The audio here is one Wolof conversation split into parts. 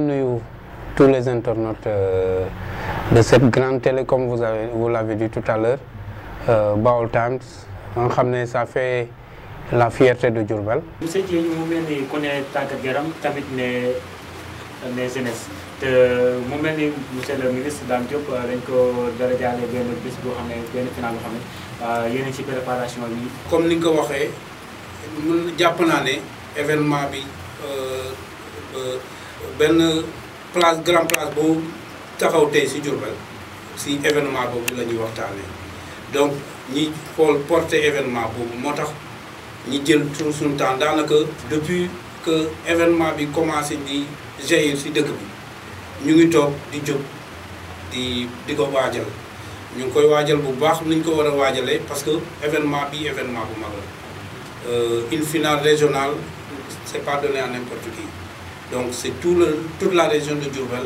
ngi nuyu tous les internautes euh, de cette grande télé comme vous avez vous l'avez dit tout à l'heure euh, Baol Times nga xam ne ça fait la fierté de Diourbel. monsieur Dieng mu mel ni ku ne tàggat yaram tamit ne ne te mu mel ni monsieur le ministre Dame Diop euh, dañ ko dara jaale benn bés boo xam ne benn final boo xam ne yéen ci préparation bi. comme ni nga waxee jàpp naa ne événement bi. benn place grand place boo taxaw tey si Diourbel si événement boobu la ñuy waxtaanee donc ñi xool porté événement boobu moo tax ñi jël tout suñu temps daanaka depuis que événement bi commencé di jaillir si dëkk bi ñu ngi toog di jóg di di ko waajal ñu ngi koy waajal bu baax ni ñu ko war a waajalee parce que événement bi événement bu mag la euh, une finale régionale c'est pas donné à n'importe qui Donc c'est tout le, toute la région de Djourbel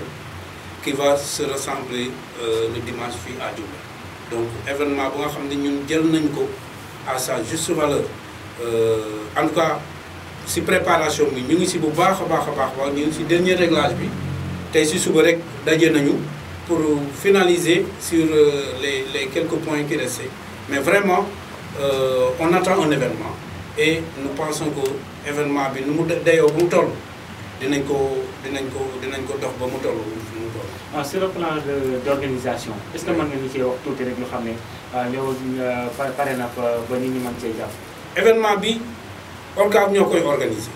qui va se rassembler euh, le dimanche fii à Djourbel donc événement bu nga xam ne ñun jël nañ ko à sa juste valeur euh, en tout cas si préparation bi ñu ngi si bu baax a baax a baax waaw ñu ngi si dernier réglage bi tey si suba rek daje nañu pour finaliser sur euh, les les quelques points qui restaient mais vraiment euh, on attend un événement et nous pensons que événement bi nu mu dayoo bu mu toll dinañ ko dinañ ko dinañ ko dox ba mu toll fi mu toll. ah sur le plan de d' organisation. est ce que mën ah, euh, na ba nit ñi mën cee jàpp. événement bi ORCAV ñoo koy organiser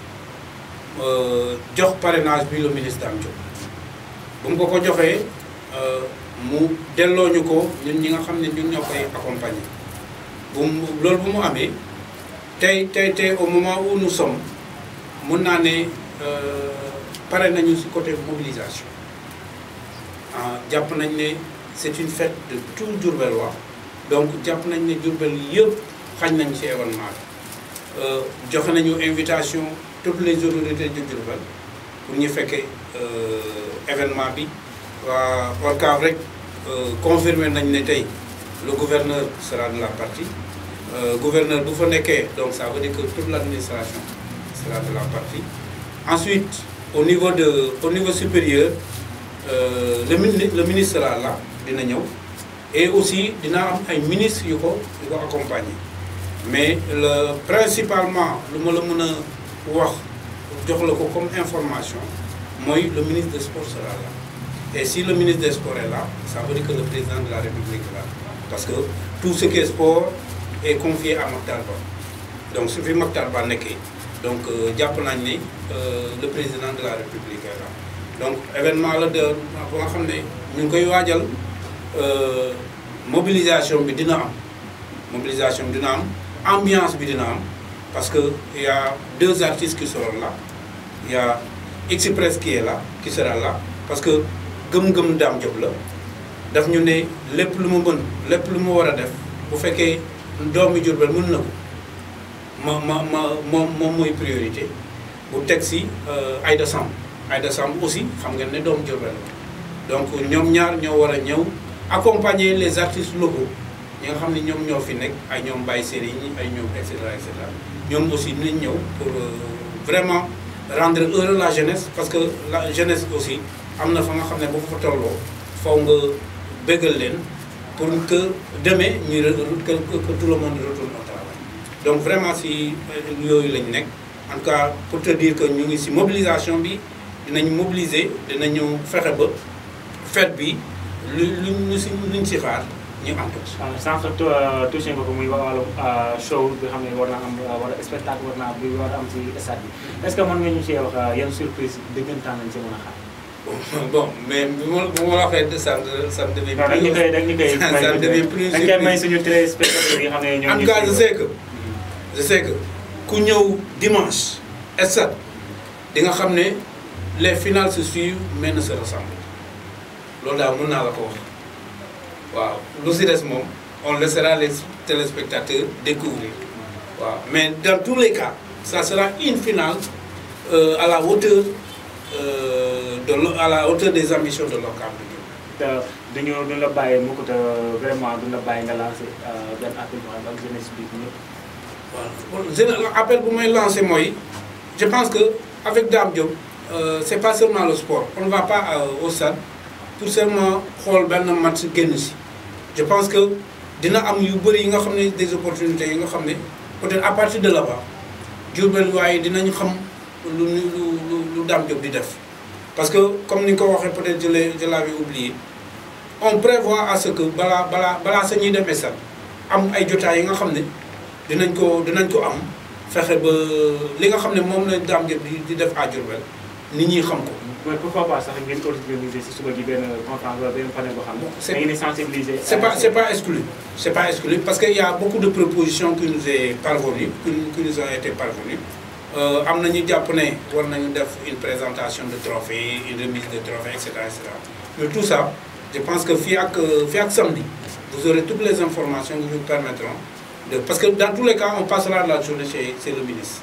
euh, jox parrainage bi le ministre am bu mu ko ko joxee euh, mu delloo ñu ko ñun ñi nga xam ne ñun ñoo koy accompagner bu loolu bu mu amee tey tey tey au moment où mun naa ne. Euh, pare nañu ci côté mobilisation ah jàpp nañ ne c'est une fête de tout Diourbellois donc jàpp nañ ne Diourbel yëpp xañ nañ ci événement bi euh, joxe nañu invitation toutes les autorités de Diourbel pour ñu fekkee euh, événement bi waa ORCAV rek confirmer nañ ne tey le gouverneur sera de la partie gouverneur bu fa nekkee donc ça veut dire que toute l'administration sera de la partie Ensuite, au niveau, de, au niveau supérieur, euh, le, ministre sera là, dina ñëw et aussi dina am ay ministres yu ko yu ko accompagner mais le principalement lu ma la mën a wax jox la ko comme information mooy le ministre des sports sera là et si le ministre des sports est là ça veut que le président de la république est parce que tout ce qui est sport est confié à Makhtar Ba donc su fi Makhtar Ba nekkee donc euh, jàpp nañ ni euh, le président de la république est donc événement la de ba nga xam ne ñu ngi koy waajal euh, mobilisation bi dina am mobilisation bi dina am ambiance bi dina am parce que il y a deux artistes qui seront là il a Express qui est là qui sera là parce que gëm-gëm Dame Diop la daf ñu ne lépp lu mu mën lépp lu mu war a def bu fekkee doomi Diourbel mën na ko ma ma ma moom moom mooy priorité bu teg si euh, Aïda Samb Aïda Samb aussi xam nga ne doom Diourbel la donc ñoom ñaar ñoo war a ñëw accompagner les artistes locaux ñi nga xam ne ñoom ñoo fi nekk ay ñoom Baye Serigne ñi ay ñëw et cetera et cetera ñoom aussi nañ ñëw pour euh, vraiment rendre heureux la jeunesse parce que la jeunesse aussi am na fa nga xam ne bu fa tolloo fow nga bëggal leen pour que demain ñu que tout le donc vraiment si euh, yooyu lañu nekk en tout cas pour te dire que ñu ngi si mobilisation bi dinañ mobiliser dinañu fexe ba fête bi lu luñ si luñ si xaar ñu am ko. waaw sànq euh, touché nga ko muy wàllu euh, show bi xam ne war naa am wala spectacle war naa bi war a am si stade bi est-ce que mën nga ñu see wax yan surprise dëggantaan lañ si mën a xaar. bon mais bu ma bu ma waxee ça ça devait. plus dañ ñu koy dañ ñu koy may suñu téléspectateurs yi xam ne ñoo ñu. en tout je sais que ku ñëw dimanche stade di nga xam ne les finales se suivent mais ne se loolu daal mën naa la ko wax waaw lu si des moom on laissera les téléspectateurs découvrir waaw mais dans tous les cas ça sera une finale euh, à la hauteur euh, de l à la hauteur des ambitions de l'OCAM de Guinée. te dañoo duñ la bàyyi mu ko te vraiment duñ la bàyyi nga lancé euh, benn appel bu si ak jeunesse bi ñëpp. voilà appel bu may lancer mooy je pense que avec Dame Diop euh, c' est pas seulement le sport on ne va pas euh, au stade pour seulement xool benn match génn si. je pense que dina am yu bëri yi nga xam ne des opportunités yi nga xam ne peut-être à partir de la là-bas Diourbel waaye dinañu xam lu lu lu lu Dame di def. parce que comme ni nga ko waxee peut-être je l'ai je l'avais oublié on prévoit à ce que balaa balaa balaa sa ñuy demee sax am ay jotaay yi nga xam ne. dinañ ko dinañ ko am fexe ba li nga xam ne moom la Dame Gueye di di def à Diourbel nit ñi xam ko. mais pourquoi pas sax ngeen organiser si c' est da ngeen pas exclu c' pas exclu parce que y' a beaucoup de propositions qui nous est parvenues qui nous ont été parvenues. Euh, am na ñu jàpp ne war nañu def une présentation de trophée une remise de trophée et cetera mais tout ça je pense que fii ak fii ak samedi vous aurez toutes les informations qui vous de, parce que dans tous les cas, on passera la journée chez, chez ministre.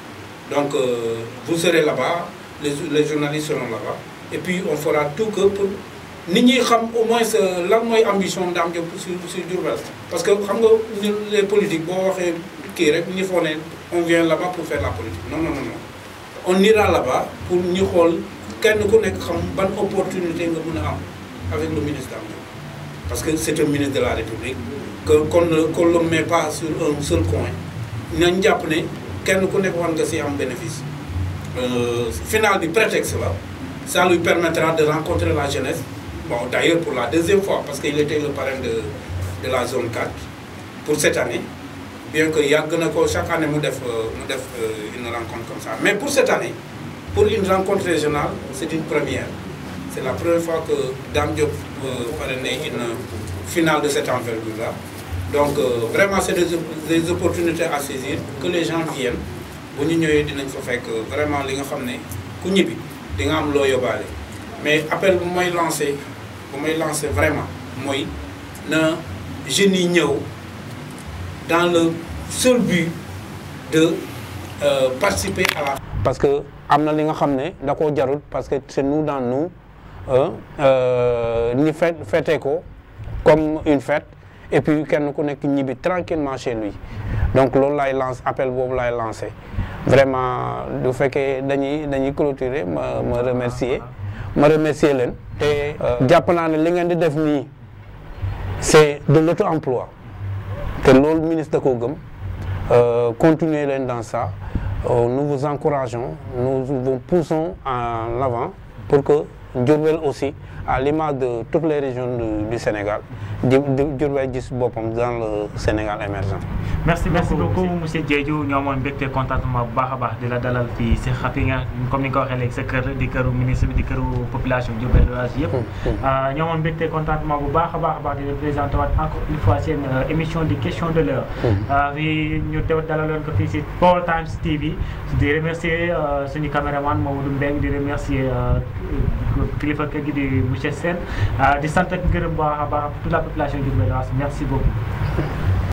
Donc, euh, vous serez là-bas, les, les, journalistes seront là-bas. Et puis, on fera tout que pour... Nous savons au moins l'ambition de Dame sur Durbel. Parce que les politiques, on vient là-bas pour faire la politique. Non, non, non. non. On ira là-bas ko nekk xam quelle opportunité nous avons avec le ministre Dame. Parce que c'est un ministre de la République. que qu'on ne qu'on ne pas sur un seul coin nañ jàpp ne kenn ku nekk war nga si am bénéfice euh, final bi prétexte la ça lui permettra de rencontrer la jeunesse bon d'ailleurs pour la deuxième fois parce que il était le de de la zone 4 pour cette année bien que yàgg na ko chaque année mu def euh, mu def euh, une rencontre comme ça mais pour cette année pour une rencontre régionale c'est une première c'est la première fois que Dame Diop parrainait finale de cette envergure-là donc euh, vraiment c'est des des opportunités à saisir que les gens viennent bu ñu ñëwee dinañ fa fekk euh, vraiment li nga xam ne ku ñibbi di nga am loo yóbbaale mais appel bu may lancé bu may lancé vraiment mooy na jeunes yi ñëw dans le seur but de euh, participer à parce que am na li nga xam ne da koo jarul parce que c'est nous dans nu euh, ni fête fêté ko comme une fête. et puis kenn ku nekk ñibbi tranquillement chez lui donc loolu laay lance appel boobu laay lancé vraiment du fekkee dañuy dañuy clôturer ma ma remercier ma remercier leen te euh, jàpp naa ne li ngeen di def nii c'est de l'auto-emploi te loolu ministre da koo gëm euh, continuer leen dans ça euh, nous vous encourageons nous vous poussons en avant pour que Diourbel aussi à l'image de toutes les régions du, du Sénégal Diourbel gis boppam dans le Sénégal émergent merci merci beaucoup monsieur Diédhiou ñoo amoon mbégte contentement bu baax a baax di la dalal fii si xapi nga comme ni nga waxee léegi sa kër di këru ministre bi di këru population Diourbel loage yëpp ñoo amoon mbégte bu baax a baax a baax di la présenté waat encore une fois seen euh, émission di question de l'heure fii mm. ah, ñu de dalaloon ko fii si Baol Times TV di remercier euh, suñu caméraman Mamadou Mbengue di remercier euh, kilifa kër gi di monsieur Sène ah, di sant ak gërëm bu baax a baax toute la population di merci beaucoup.